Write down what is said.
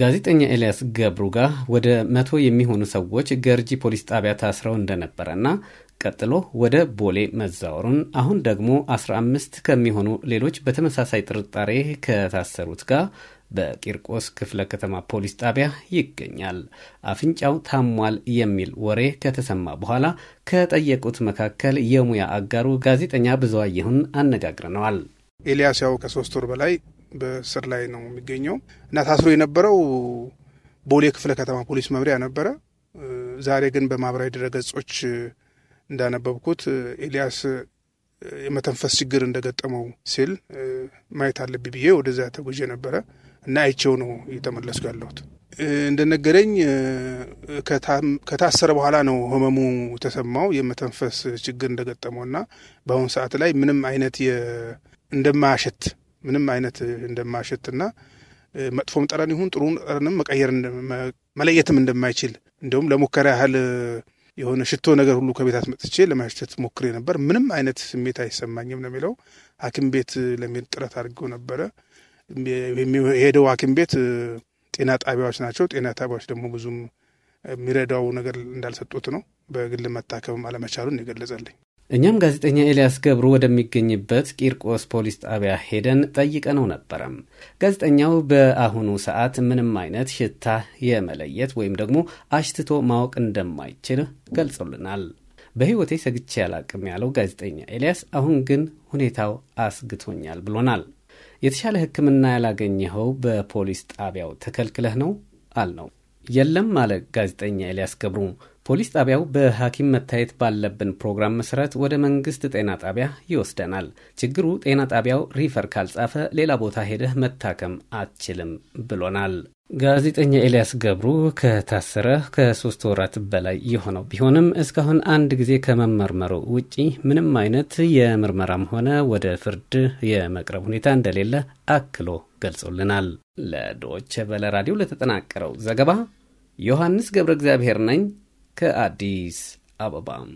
ጋዜጠኛ ኤልያስ ገብሩ ጋር ወደ መቶ የሚሆኑ ሰዎች ገርጂ ፖሊስ ጣቢያ ታስረው እንደነበረና ቀጥሎ ወደ ቦሌ መዛወሩን አሁን ደግሞ 15 ከሚሆኑ ሌሎች በተመሳሳይ ጥርጣሬ ከታሰሩት ጋር በቂርቆስ ክፍለ ከተማ ፖሊስ ጣቢያ ይገኛል። አፍንጫው ታሟል የሚል ወሬ ከተሰማ በኋላ ከጠየቁት መካከል የሙያ አጋሩ ጋዜጠኛ ብዙአየሁን አነጋግረነዋል። ኤልያስ ያው ከሶስት ወር በላይ በስር ላይ ነው የሚገኘው እና ታስሮ የነበረው ቦሌ ክፍለ ከተማ ፖሊስ መምሪያ ነበረ። ዛሬ ግን በማህበራዊ ድረገጾች እንዳነበብኩት ኤልያስ የመተንፈስ ችግር እንደገጠመው ሲል ማየት አለብኝ ብዬ ወደዚያ ተጉዤ ነበረ እና አይቼው ነው እየተመለስኩ ያለሁት። እንደነገረኝ ከታሰረ በኋላ ነው ህመሙ ተሰማው የመተንፈስ ችግር እንደገጠመው እና በአሁኑ ሰዓት ላይ ምንም አይነት እንደማያሸት ምንም አይነት እንደማሸትና መጥፎም ጠረን ይሁን ጥሩ ጠረንም መቀየር መለየትም እንደማይችል እንዲሁም ለሙከራ ያህል የሆነ ሽቶ ነገር ሁሉ ከቤት አስመጥቼ ለማሸት ሞክሬ ነበር። ምንም አይነት ስሜት አይሰማኝም ነው የሚለው። ሐኪም ቤት ለመሄድ ጥረት አድርገው ነበረ። የሄደው ሐኪም ቤት ጤና ጣቢያዎች ናቸው። ጤና ጣቢያዎች ደግሞ ብዙም የሚረዳው ነገር እንዳልሰጡት ነው። በግል መታከብም አለመቻሉን የገለጸልኝ እኛም ጋዜጠኛ ኤልያስ ገብሩ ወደሚገኝበት ቂርቆስ ፖሊስ ጣቢያ ሄደን ጠይቀነው ነበረም። ጋዜጠኛው በአሁኑ ሰዓት ምንም አይነት ሽታ የመለየት ወይም ደግሞ አሽትቶ ማወቅ እንደማይችል ገልጾልናል። በሕይወቴ ሰግቼ ያላቅም ያለው ጋዜጠኛ ኤልያስ አሁን ግን ሁኔታው አስግቶኛል ብሎናል። የተሻለ ሕክምና ያላገኘኸው በፖሊስ ጣቢያው ተከልክለህ ነው አልነው። የለም አለ ጋዜጠኛ ኤልያስ ገብሩ ፖሊስ ጣቢያው በሐኪም መታየት ባለብን ፕሮግራም መሰረት ወደ መንግስት ጤና ጣቢያ ይወስደናል። ችግሩ ጤና ጣቢያው ሪፈር ካልጻፈ ሌላ ቦታ ሄደህ መታከም አትችልም ብሎናል። ጋዜጠኛ ኤልያስ ገብሩ ከታሰረ ከሶስት ወራት በላይ የሆነው ቢሆንም እስካሁን አንድ ጊዜ ከመመርመሩ ውጪ ምንም አይነት የምርመራም ሆነ ወደ ፍርድ የመቅረብ ሁኔታ እንደሌለ አክሎ ገልጾልናል። ለዶይቼ ቬለ ራዲዮ ለተጠናቀረው ዘገባ ዮሐንስ ገብረ እግዚአብሔር ነኝ። ከአዲስ አበባም